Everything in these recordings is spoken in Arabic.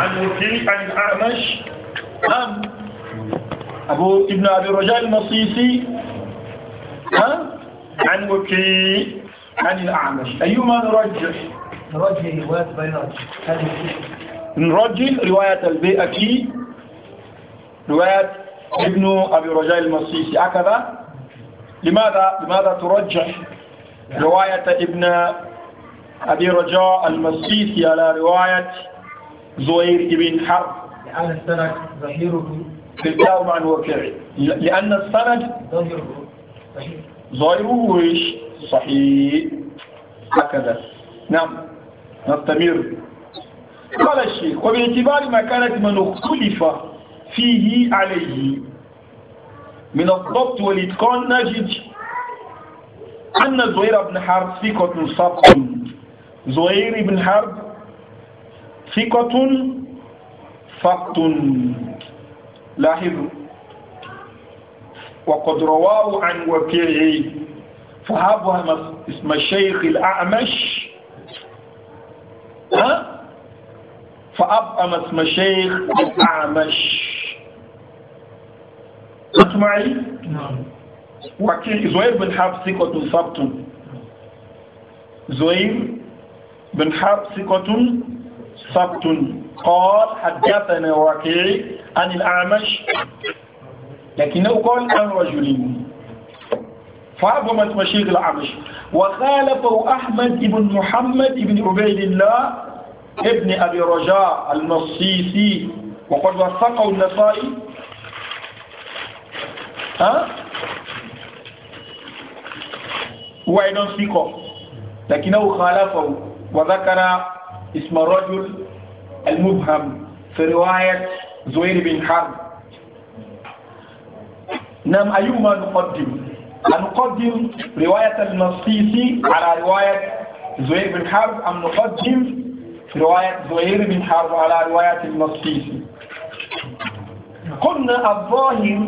عن عن الأعمش أم نعم. أبو ابن أبي الرجاء المصيصي ها عن وكيع عن الأعمش أيما نرجح نرجح رواية بيهقي نرجح رواية البيهقي رواية ابن أبي الرجاء المصيصي هكذا لماذا لماذا ترجح رواية ابن أبي رجاء المصيصي على رواية زهير بن حرب لأن السند ظهيره بالتاو عن وكيعي لأن السند ظهيره صحيح ظاهره صحيح هكذا نعم نستمر قال الشيخ وباعتبار ما كانت من اختلف فيه عليه من الضبط والإتقان نجد أن زهير بن حرب ثقة صبت زهير بن حرب ثقة فقط لاحظوا وقد رواه عن وكيعه فهبهم اسم الشيخ الأعمش ها فأبهم اسم الشيخ الأعمش أسمعي نعم وكيع زهير بن حرب ثقة ثبت زهير بن حرب ثقة سبت قال حدثنا وكيع عن الأعمش لكنه قال عن رجل فعظمت مشيخ الأعمش وخالفه أحمد بن محمد بن عبيد الله ابن أبي رجاء المصيصي وقد وثقه النصائي ها هو سيكو لكنه خالفه وذكر اسم الرجل المبهم في رواية زهير بن حرب نعم أيهما نقدم نقدم رواية النصيسي على رواية زهير بن حرب أم نقدم رواية زهير بن حرب على رواية النصيسي قلنا الظاهر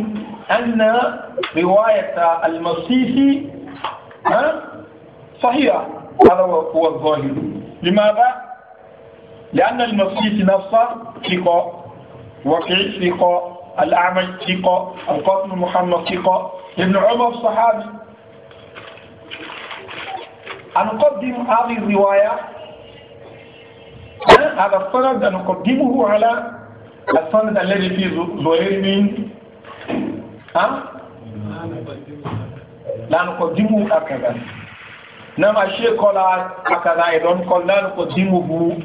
أن رواية المصيصي صحيحة هذا هو الظاهر لماذا؟ لأن المسيح نفسه ثقة وكيع ثقة الأعمي ثقة القاسم محمد ثقة ابن عمر صحابي أنقدم هذه الرواية هذا السند نقدمه على السند الذي في زهير من ها لا نقدمه هكذا نما شيء كلا أكذا e كلا نقدمه ko dimuhu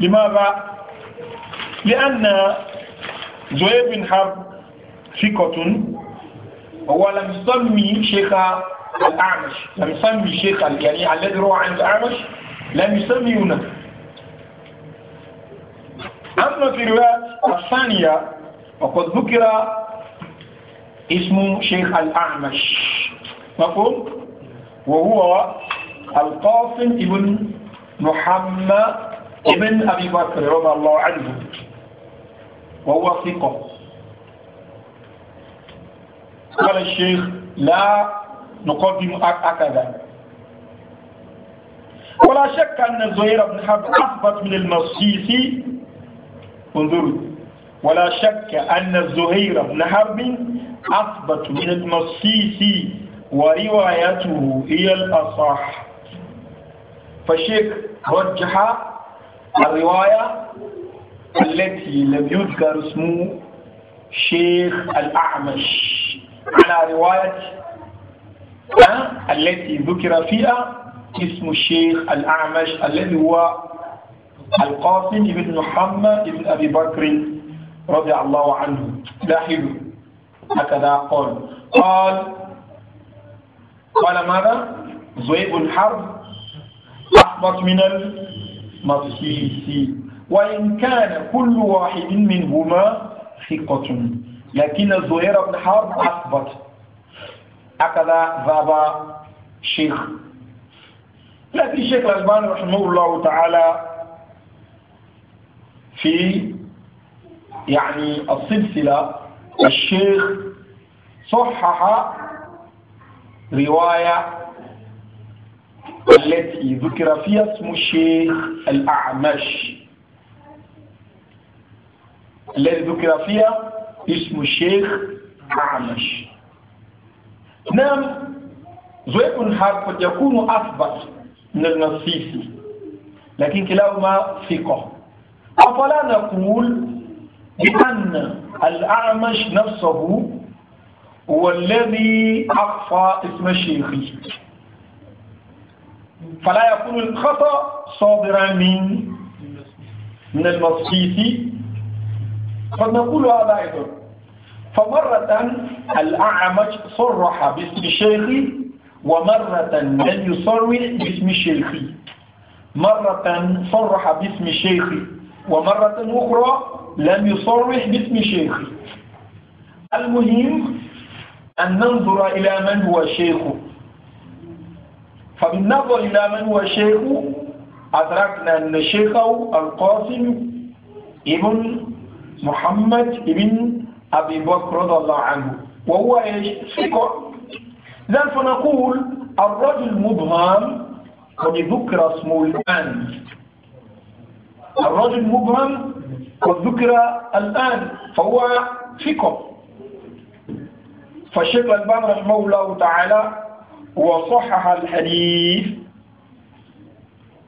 لماذا؟ لأن lianna بن bin harb هو لم يسمي شيخ الأعمش لم يسمي شيخ يعني الذي روى عند الأعمش لم يسمي هنا أما في الرواية الثانية وقد ذكر اسم شيخ الأعمش مفهوم؟ وهو القاسم ابن محمد ابن أبي بكر رضي الله عنه وهو ثقة قال الشيخ لا نقدم هكذا ولا شك أن زهير بن حرب أثبت من المصيصي انظروا ولا شك أن زهير بن حرب أثبت من المصيصي وروايته هي الأصح فالشيخ رجح الرواية التي لم يذكر اسم شيخ الأعمش على رواية التي ذكر فيها اسم الشيخ الأعمش الذي هو القاسم بن محمد بن أبي بكر رضي الله عنه لاحظوا هكذا قال قال قال ماذا زهيب الحرب أحبط من المطيس وإن كان كل واحد منهما ثقة لكن زهير بن حرب أثبت هكذا ذهب شيخ لكن شيخ الألبان رحمه الله تعالى في يعني السلسلة الشيخ صحح رواية التي ذكر فيها اسم الشيخ الأعمش الذي ذكر فيها اسم الشيخ الأعمش نعم زويب الحرب قد يكون أثبت من النصيصي لكن كلاهما ثقة أفلا نقول بأن الأعمش نفسه هو الذي أخفى اسم الشيخ فلا يكون الخطأ صادرا من من المصحيف فنقول هذا أيضا فمرة الأعمش صرح باسم الشيخ ومرة لم يصرح باسم الشيخ مرة صرح باسم الشيخ ومرة أخرى لم يصرح باسم الشيخ المهم أن ننظر إلى من هو شيخ فبالنظر إلى من هو شيخ أدركنا أن شيخه القاسم ابن محمد ابن أبي بكر رضي الله عنه وهو إيش؟ ثقة لذلك فنقول الرجل مبهم قد ذكر اسمه الآن الرجل مبهم قد ذكر الآن فهو ثقة فالشيخ الألبان رحمه الله تعالى وصحح الحديث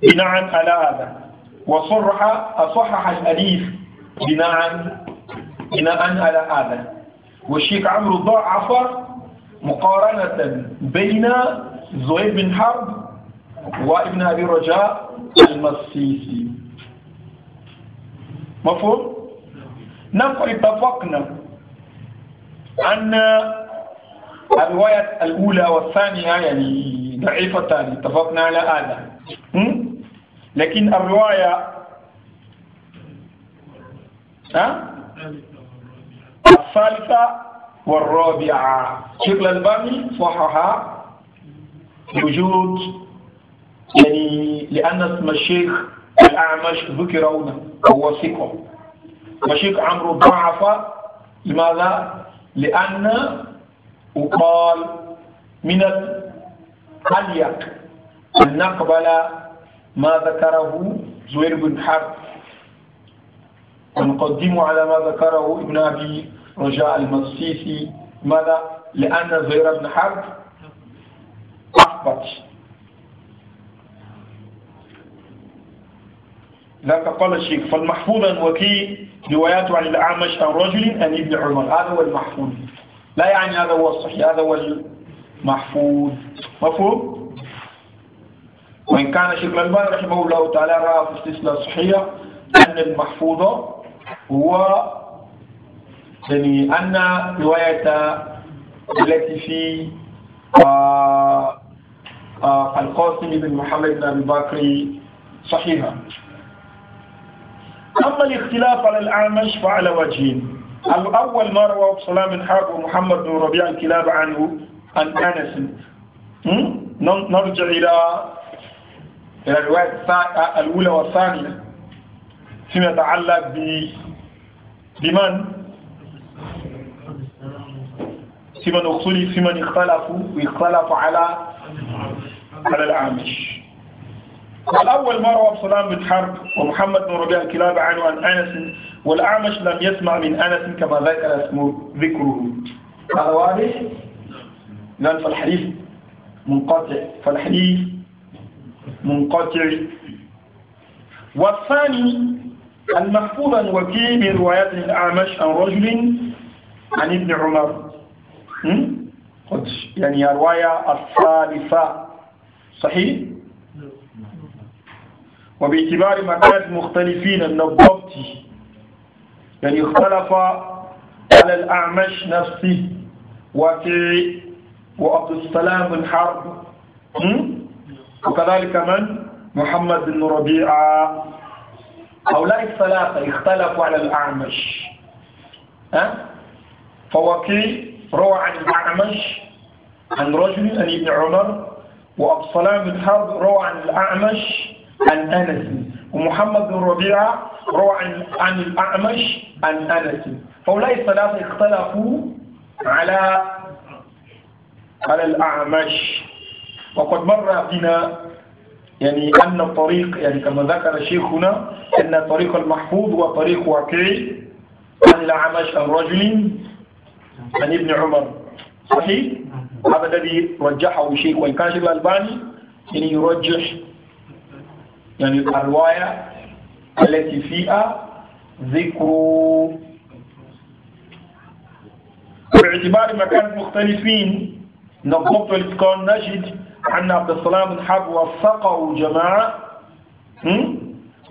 بناء على هذا وصرح أصحح الحديث بناء بناء على هذا والشيخ عمرو ضعف مقارنة بين زهير بن حرب وابن أبي رجاء المصيصي مفهوم؟ نحن اتفقنا أن الرواية الأولى والثانية يعني ضعيفتان اتفقنا على هذا لكن الرواية ها؟ الثالثة والرابعة شيخ الألباني صححها وجود يعني لأن اسم الشيخ الأعمش ذكر هنا وهو ثقة الشيخ عمرو ضعف لماذا؟ لأن وقال من الحليق أن نقبل ما ذكره زهير بن حرب ونقدم على ما ذكره ابن أبي رجاء المصيصي ماذا؟ لأن زهير بن حرب أحبط لك قال الشيخ فالمحفوظ الوكيل روايات عن الأعمش عن رجل أن ابن عمر هذا هو المحفوظ لا يعني هذا هو الصحيح هذا هو المحفوظ مفهوم وإن كان شيخ الألباني رحمه الله تعالى رأى في السلسلة الصحية أن المحفوظ هو يعني أن رواية التي في آه، آه، القاسم بن محمد بن أبي بكر صحيحة أما الاختلاف على الأعمش فعلى وجهين الأول ما رواه سلام حرب ومحمد بن ربيع الكلاب عنه عن أنس نرجع إلى الرواية الأولى والثانية فيما يتعلق ب بمن فيمن اختلف من اختلفوا واختلفوا على على الأعمش الأول ما رواه سلام بن حرب ومحمد بن ربيع الكلاب عنه عن أنس والأعمش لم يسمع من أنس كما ذكر اسمه ذكره هذا واضح؟ لأن فالحديث منقطع فالحديث منقطع والثاني المحفوظ عن من روايات الأعمش عن رجل عن ابن عمر قد يعني الرواية الثالثة صحيح؟ وباعتبار مكان مختلفين من الضبط يعني اختلف على الأعمش نفسه وكي وعبد السلام بن حرب وكذلك من محمد بن ربيعة هؤلاء الثلاثة اختلفوا على الأعمش أه؟ فوكي روى عن الأعمش عن رجل عن ابن عمر وأبصلام بن حرب روى عن الأعمش عن أنس ومحمد بن ربيعة روى عن الأعمش عن أنس فهؤلاء الثلاثة اختلفوا على على الأعمش وقد مر بنا يعني أن الطريق يعني كما ذكر شيخنا أن طريق المحفوظ هو طريق واقعي عن الأعمش عن رجل عن ابن عمر صحيح؟ هذا الذي رجحه شيخ وإن كان شيخ الألباني يعني يرجح يعني الرواية التي فيها ذكر باعتبار مكان مختلفين نقطة الإتقان نجد أن عبد السلام حرب وثقه جماعة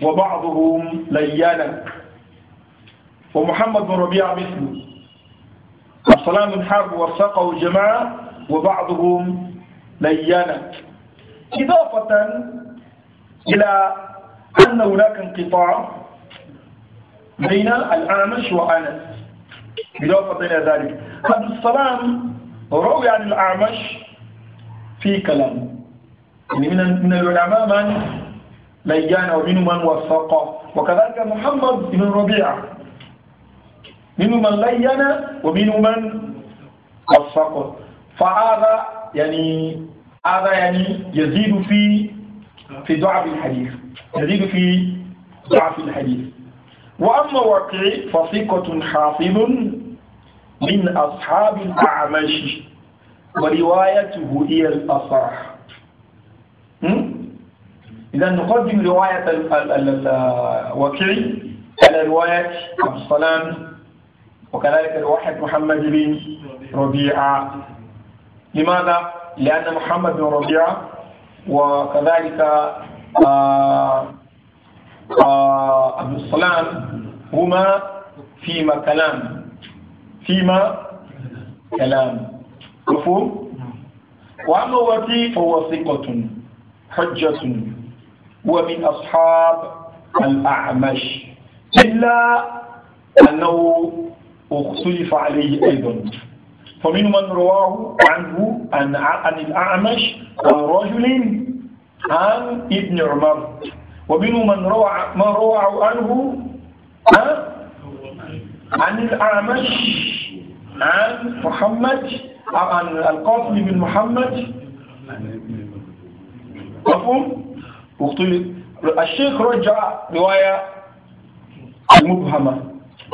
وبعضهم ليالا ومحمد بن ربيع مثله عبد السلام حرب وثقه جماعة وبعضهم ليالا إضافة إلى أن هناك انقطاع بين الأعمش وأنس بالإضافة إلى ذلك عبد السلام روي عن الأعمش في كلام يعني من من العلماء من ليان ومن من وثق وكذلك محمد بن ربيعة من من لين ومن من وثق فهذا يعني هذا يعني يزيد في في ضعف الحديث يزيد في ضعف الحديث وأما واقعي فثقة حافظ من أصحاب الأعمش وروايته هي الأصح إذا نقدم رواية الواقعي على رواية عبد السلام وكذلك رواية محمد بن ربيعة لماذا؟ لأن محمد بن ربيعة وكذلك آه، آه، عبد السلام هما فيما كلام فيما كلام مفهوم وأما وفي فهو ثقة حجة ومن أصحاب الأعمش إلا أنه اختلف عليه أيضا فمن من رواه عنه عن عن الأعمش عن رجل عن ابن عمر ومن من روى من روى عنه عن الأعمش عن محمد عن القاسم بن محمد مفهوم؟ الشيخ رجع رواية مبهمة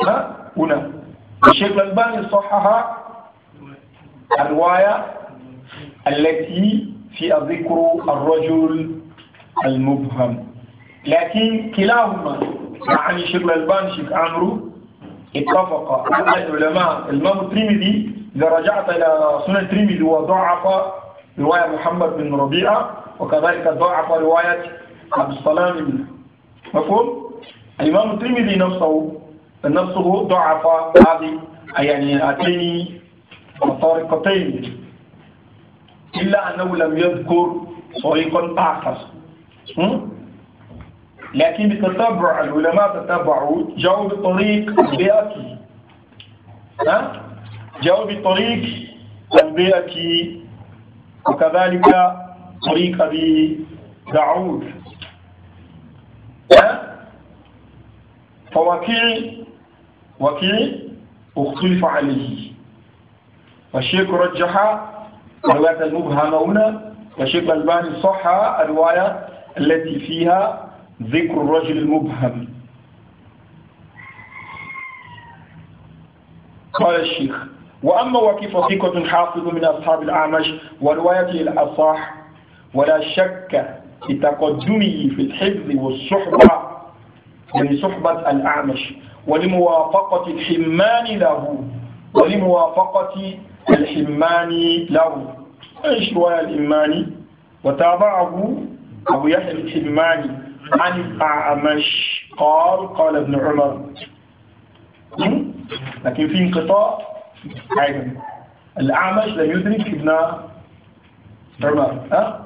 ها هنا الشيخ الألباني صححها الرواية التي فيها ذكر الرجل المبهم لكن كلاهما يعني شيخ الألباني شيخ عمرو اتفق أن العلماء الإمام الترمذي إذا رجعت إلى سنن الترمذي وضعف رواية محمد بن ربيعة وكذلك ضعف رواية عبد السلام بن مفهوم الإمام الترمذي نفسه نفسه ضعف هذه يعني هاتين وطريقتين إلا أنه لم يذكر طريقا آخر لكن بتتبع العلماء تتبعوا جاءوا بطريق البيئتي جاءوا بطريق البيئتي وكذلك طريق أبي داعود فوكيل وكيل اختلف عليه الشيخ رجح الرواية المبهمة هنا والشيخ الألباني صح الرواية التي فيها ذكر الرجل المبهم قال الشيخ وأما وكيف ثقة حافظ من أصحاب الأعمش وروايته الأصح ولا شك بتقدمه في الحفظ والصحبة يعني صحبة الأعمش ولموافقة الحمان له ولموافقة الحماني له ايش رواية الحماني وتابعه أبو يحيى الحماني عن الأعمش قال قال ابن عمر لكن في انقطاع أيضا الأعمش لم يدرك ابن عمر أه؟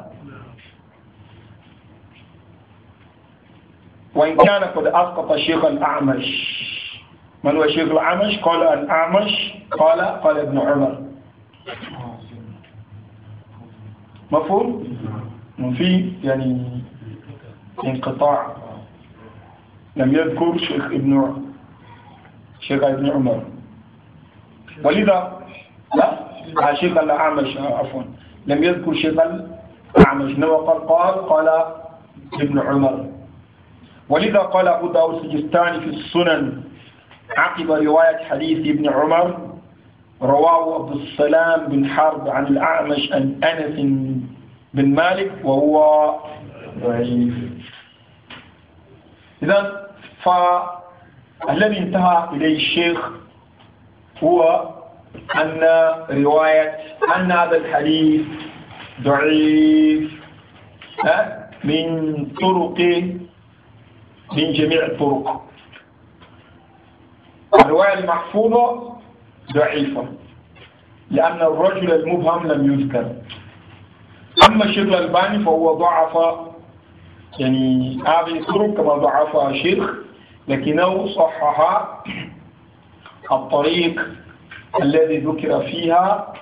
وإن كان قد أسقط شيخ الأعمش من هو شيخ الأعمش قال الأعمش قال قال ابن عمر مفهوم في يعني انقطاع لم يذكر شيخ ابن شيخ ابن عمر ولذا لا آه، شيخ الأعمش آه، عفوا لم يذكر شيخ الأعمش إنما قال قال قال ابن عمر ولذا قال أبو داود السجستاني في السنن عقب رواية حديث ابن عمر رواه أبو السلام بن حرب عن الأعمش عن أنس بن مالك وهو ضعيف إذا فالذي انتهى إليه الشيخ هو أن رواية أن هذا الحديث ضعيف من طرق من جميع الطرق الرواية المحفوظة ضعيفة لأن الرجل المبهم لم يذكر أما الشيخ الألباني فهو ضعف يعني هذه الطرق كما ضعفها الشيخ لكنه صحح الطريق الذي ذكر فيها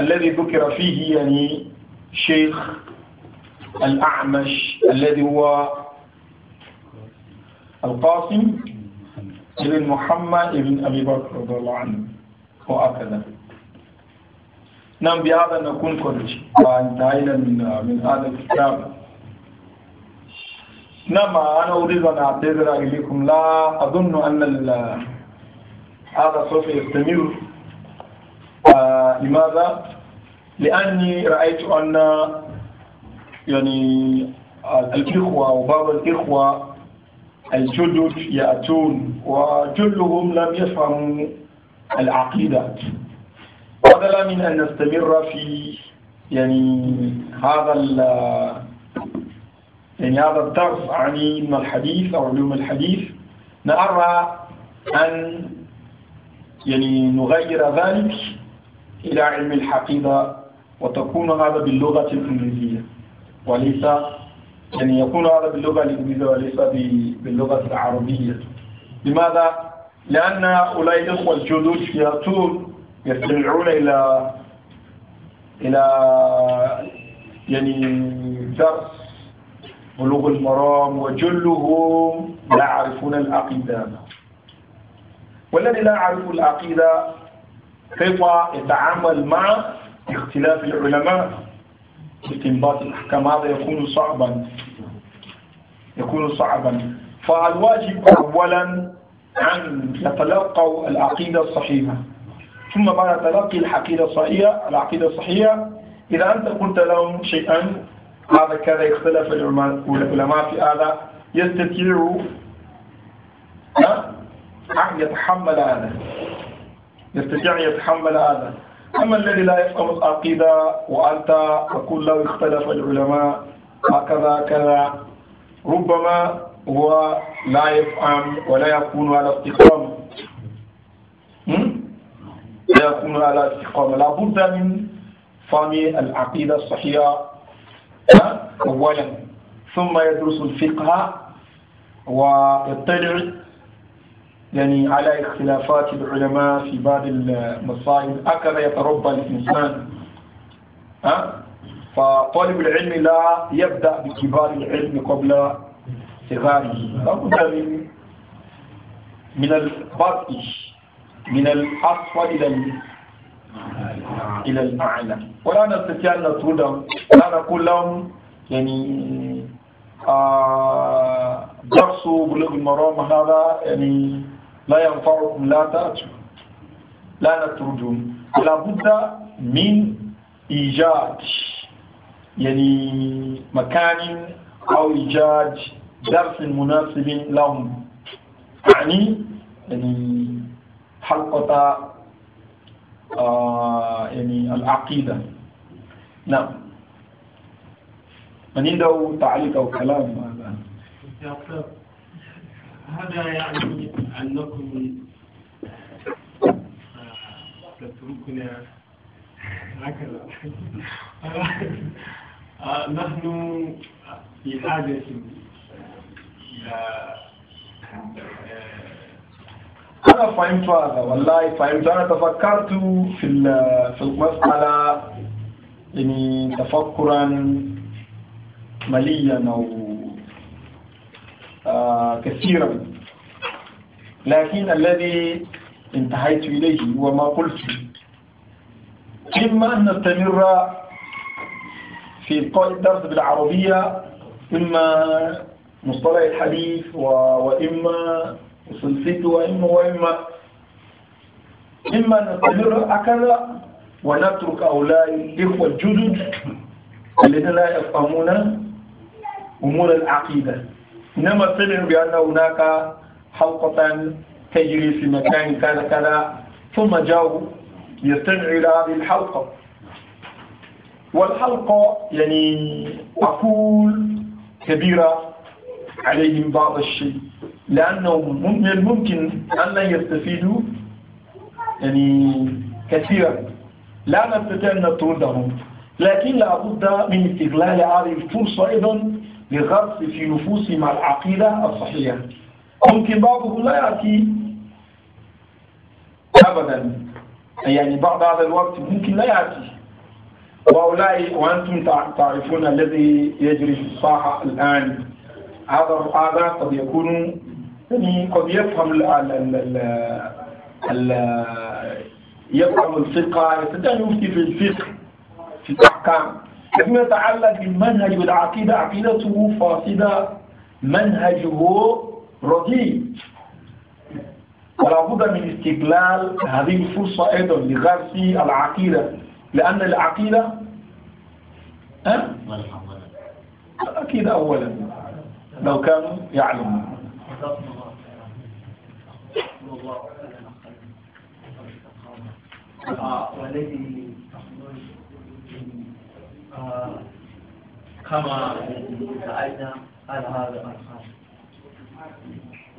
الذي ذكر فيه يعني شيخ الأعمش الذي هو القاسم ابن محمد بن أبي بكر رضي الله عنه وهكذا نعم بهذا نكون قد انتهينا من آه، من هذا الكتاب نعم أنا أريد أن أعتذر إليكم لا أظن أن آه، هذا سوف يستمر آه، لماذا؟ لأني رأيت أن يعني الإخوة وبعض الإخوة الجدد يأتون وجلهم لم يفهموا العقيدة بدلا من أن نستمر في يعني هذا ال يعني هذا الدرس عن علم الحديث أو علوم الحديث نرى أن يعني نغير ذلك إلى علم الحقيقة وتكون هذا باللغة الإنجليزية وليس يعني يكون هذا باللغة الإنجليزية وليس باللغة العربية لماذا؟ لأن أولئك الإخوة الجدد يأتون يستمعون إلى إلى يعني درس بلوغ المرام وجلهم لا يعرفون العقيدة والذي لا يعرف العقيدة كيف يتعامل مع اختلاف العلماء استنباط الأحكام هذا يكون صعبا يكون صعبا فالواجب أولا أن يتلقوا العقيدة الصحيحة ثم بعد تلقي العقيدة الصحيحة العقيدة الصحيحة إذا أنت قلت لهم شيئا هذا كذا اختلف العلماء في هذا يستطيع أن يتحمل هذا يستطيع أن يتحمل هذا أما الذي لا يفهم العقيدة وأنت تقول له اختلف العلماء هكذا كذا ربما هو لا يفهم ولا يكون على استقامة لا يكون على استقامة لابد من فهم العقيدة الصحيحة أولا ثم يدرس الفقه ويطلع يعني على اختلافات العلماء في بعض المصائب هكذا يتربى الإنسان فطالب العلم لا يبدأ بكبار العلم قبل صغاره لابد من من البطء من الأسفل إلى إلى الأعلى ولا نستطيع أن نطردهم لا نقول لهم يعني آه درس بلوغ المرام هذا يعني لا ينفعكم لا تأتوا لا نطردهم لابد من إيجاد يعني مكان أو إيجاد درس مناسب لهم يعني يعني حلقة آه يعني العقيدة نعم من عنده تعليق أو كلام هذا هذا يعني أنكم آه، تتركنا هكذا نحن في حاجة أنا فهمت هذا والله فهمت أنا تفكرت في في المسألة يعني تفكرا ماليا أو آه، كثيرا لكن الذي انتهيت إليه وما قلت إما أن نستمر في إبقاء الدرس بالعربية إما مصطلح الحديث وإما سلسلة وإما وإما إما نستمر هكذا ونترك هؤلاء الإخوة الجدد الذين لا يفهمون أمور العقيدة إنما سمعوا بأن هناك حلقة تجري في مكان كذا كذا ثم جاءوا يستمعوا إلى هذه الحلقة والحلقة يعني أقول كبيرة عليهم بعض الشيء لأنهم من الممكن أن لا يستفيدوا يعني كثيرا لا نستطيع أن نطردهم لكن لابد من استغلال هذه الفرصة أيضا لغرس في نفوسهم العقيدة الصحيحة ممكن بعضهم لا يأتي أبدا يعني بعد هذا الوقت ممكن لا يأتي وهؤلاء وأنتم تعرفون الذي يجري في الساحة الآن هذا هذا قد يكون يعني قد يفهم ال ال ال يفهم الفقه يستطيع يفتي في الفقه في الأحكام فيما يتعلق بالمنهج والعقيدة عقيدته فاسدة منهجه رديء ولا بد من استغلال هذه الفرصة أيضا لغرس العقيدة لأن العقيدة أكيد أولا لو كانوا يعلمون والذي كما سألنا على هذا الخارج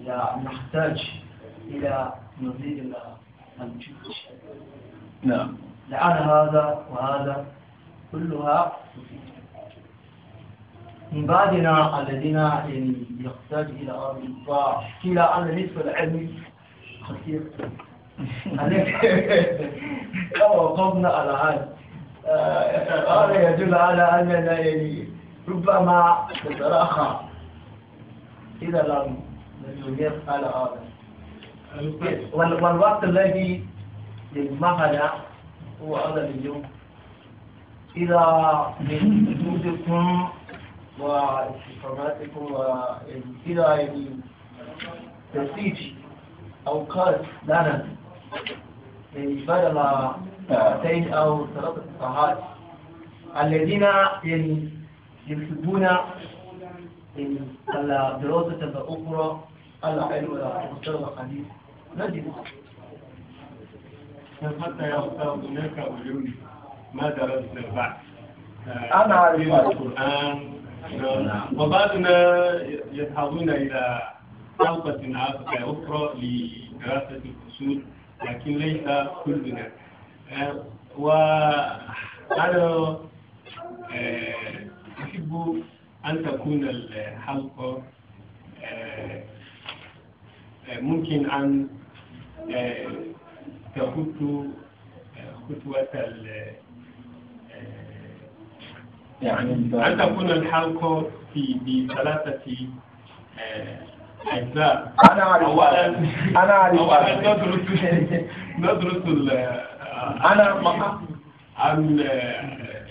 لا نحتاج إلى مزيد الجهد نعم لعل هذا وهذا كلها بعدنا الذين يحتاج إلى أرض الطاعة إلى أن نصف العلم خطير لو وقفنا على هذا آه، هذا يدل على أننا يعني ربما تتراخى إذا لم نجد على هذا والوقت الذي يجمعنا هو هذا اليوم إلى من وجودكم واستفادتكم وإلى يعني تسيج أوقات لنا بدل ساعتين أو ثلاثة ساعات الذين يعني يكتبون الدراسة الأخرى على علم الأخرى الحديث نجد هناك ماذا درست بعد آه، أنا عارف القرآن وبعضنا يذهبون إلى حلقة أخرى لدراسة الفصول لكن ليس كلنا آه، وأنا آه، أحب أن تكون الحلقة ممكن أن تخط خطوة يعني أن تكون الحلقة في بثلاثة آه، أجزاء أنا أعرف أولا أنا أعرف أولا ندرس ندرس ال آه، أنا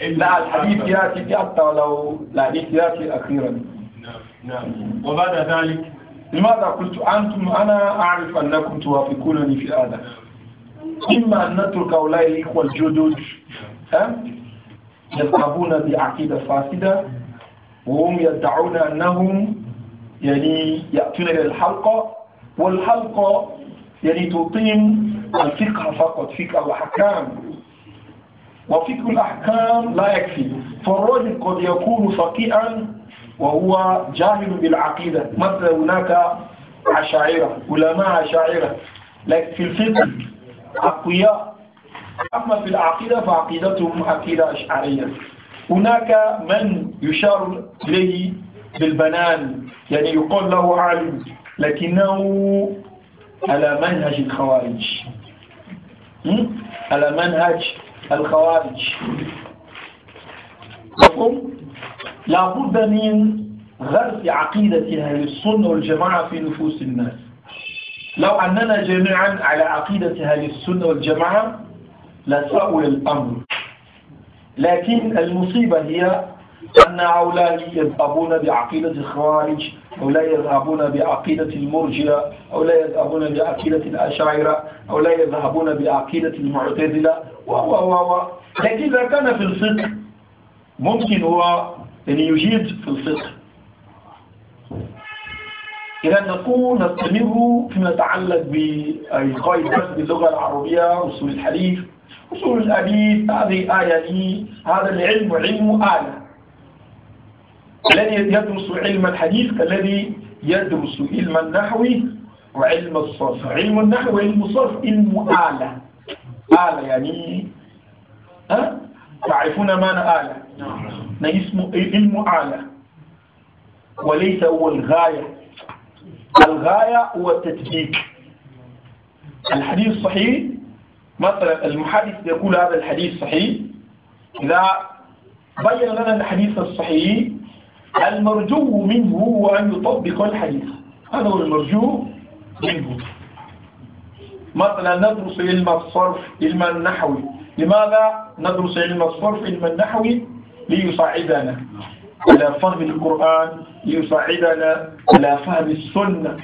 لا الحديث يأتي حتى لو الحديث يأتي أخيرا نعم نعم وبعد ذلك لماذا قلت أنتم أنا أعرف أنكم توافقونني في هذا إما أن نترك أولئك الإخوة الجدد نعم. يذهبون بعقيدة فاسدة وهم يدعون أنهم يعني يأتون إلى الحلقة والحلقة يعني تقيم الفقه فقط فقه الأحكام وفقه الأحكام لا يكفي فالرجل قد يكون فقيئا وهو جاهل بالعقيدة مثل هناك عشائرة علماء عشائرة لكن في الفقه أقوياء أما في العقيدة فعقيدتهم عقيدة أشعرية هناك من يشار إليه بالبنان يعني يقال له عالم لكنه على منهج الخوارج على منهج الخوارج مفهوم؟ لابد من غرس عقيدة أهل السنة والجماعة في نفوس الناس لو أننا جميعا على عقيدة أهل السنة والجماعة لسهل الأمر لكن المصيبة هي أن هؤلاء يذهبون بعقيدة الخوارج أو لا يذهبون بعقيدة المرجئة أو لا يذهبون بعقيدة الأشاعرة أو لا يذهبون بعقيدة المعتزلة و و و لكن إذا كان في الفقه ممكن هو أن يجيد في الفقه إذا نقول نستمر فيما يتعلق بالقائد باللغة العربية أصول الحديث أصول الحديث هذه آية لي هذا العلم علم آلة الذي يدرس علم الحديث كالذي يدرس علم النحو وعلم الصرف علم النحو وعلم الصرف علم آلة آلة يعني ها تعرفون معنى آلة ما نعم. نعم، اسم علم آلة وليس هو الغاية الغاية هو التدقيق الحديث صحيح مثلا المحدث يقول هذا الحديث صحيح إذا بين لنا الحديث الصحيح المرجو منه هو أن يطبق الحديث هذا هو المرجو منه مثلا ندرس علم الصرف علم النحو لماذا ندرس علم الصرف علم النحو ليساعدنا على فهم القرآن ليساعدنا على فهم السنة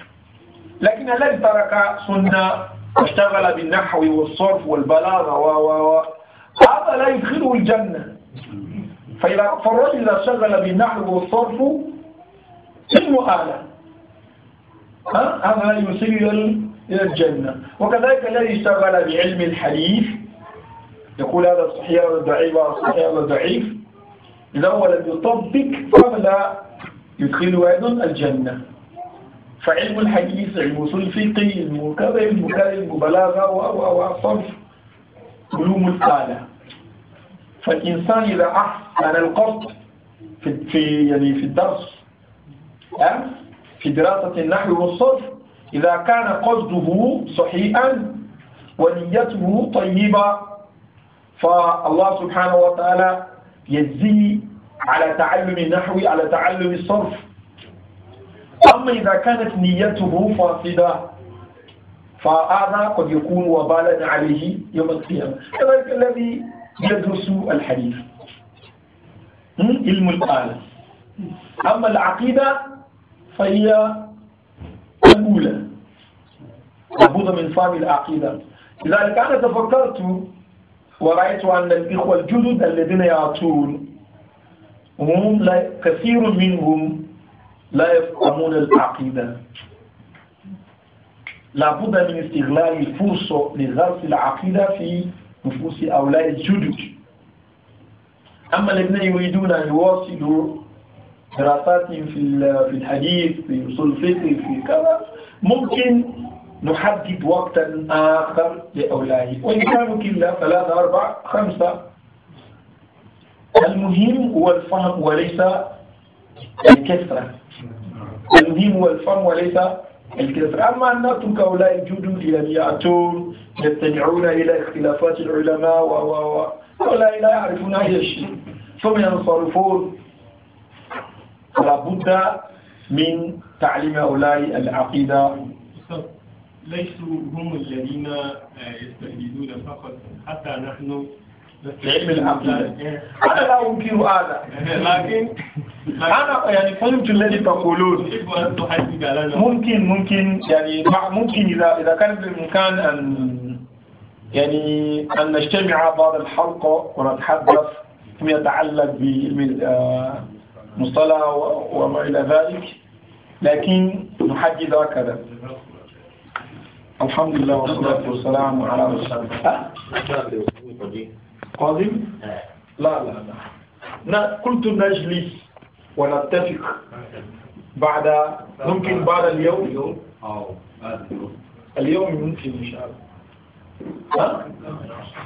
لكن الذي ترك سنة واشتغل بالنحو والصرف والبلاغة و و و هذا لا يدخله الجنة فالرجل إذا اشتغل بالنحو والصرف اسمه أعلى هذا يسير إلى الجنة وكذلك الذي اشتغل بعلم الحديث يقول هذا صحيح هذا ضعيف هذا صحيح هذا ضعيف إذا هو لم يطبق فلا يدخله أيضا الجنة فعلم الحديث علم اصول الفقه علم كذا علم كذا علم بلاغه و صرف علوم القاده فالانسان اذا احسن القصد في في يعني في الدرس في دراسه النحو والصرف اذا كان قصده صحيحا ونيته طيبه فالله سبحانه وتعالى يجزي على تعلم النحو على تعلم الصرف أما إذا كانت نيته فاسدة فهذا قد يكون وبالا عليه يوم القيامة كذلك الذي يدرس الحديث علم الآلة أما العقيدة فهي الأولى لابد من فهم العقيدة لذلك أنا تفكرت ورأيت أن الإخوة الجدد الذين يأتون هم كثير منهم لا يفهمون العقيدة لابد من استغلال الفرصة لغرس العقيدة في نفوس هؤلاء الجدد أما الذين يريدون أن يواصلوا دراساتهم في في الحديث في أصول الفقه في كذا ممكن نحدد وقتا آخر لأولئك وإن كانوا كلا ثلاثة أربعة خمسة المهم هو الفهم وليس الكثرة هو الفم وليس الكثرة أما أنكم كأولاء الجدد يعني يأتون يتبعون إلى اختلافات العلماء و و و هؤلاء لا يعرفون أي شيء ثم ينصرفون لابد من تعليم هؤلاء العقيدة ليسوا هم الذين يستهددون فقط حتى نحن لعلم الأبدان أنا لا أنكر هذا لكن أنا يعني فهمت الذي تقولون ممكن ممكن يعني ممكن إذا إذا كان بالإمكان أن يعني أن نجتمع بعد الحلقة ونتحدث فيما يتعلق بالمصطلح آه، وما إلى ذلك لكن نحدد هكذا الحمد لله والصلاة والسلام على رسول الله أه؟ قادم لا لا لا قلت نجلس ونتفق بعد ممكن بعد اليوم اليوم ممكن إن شاء الله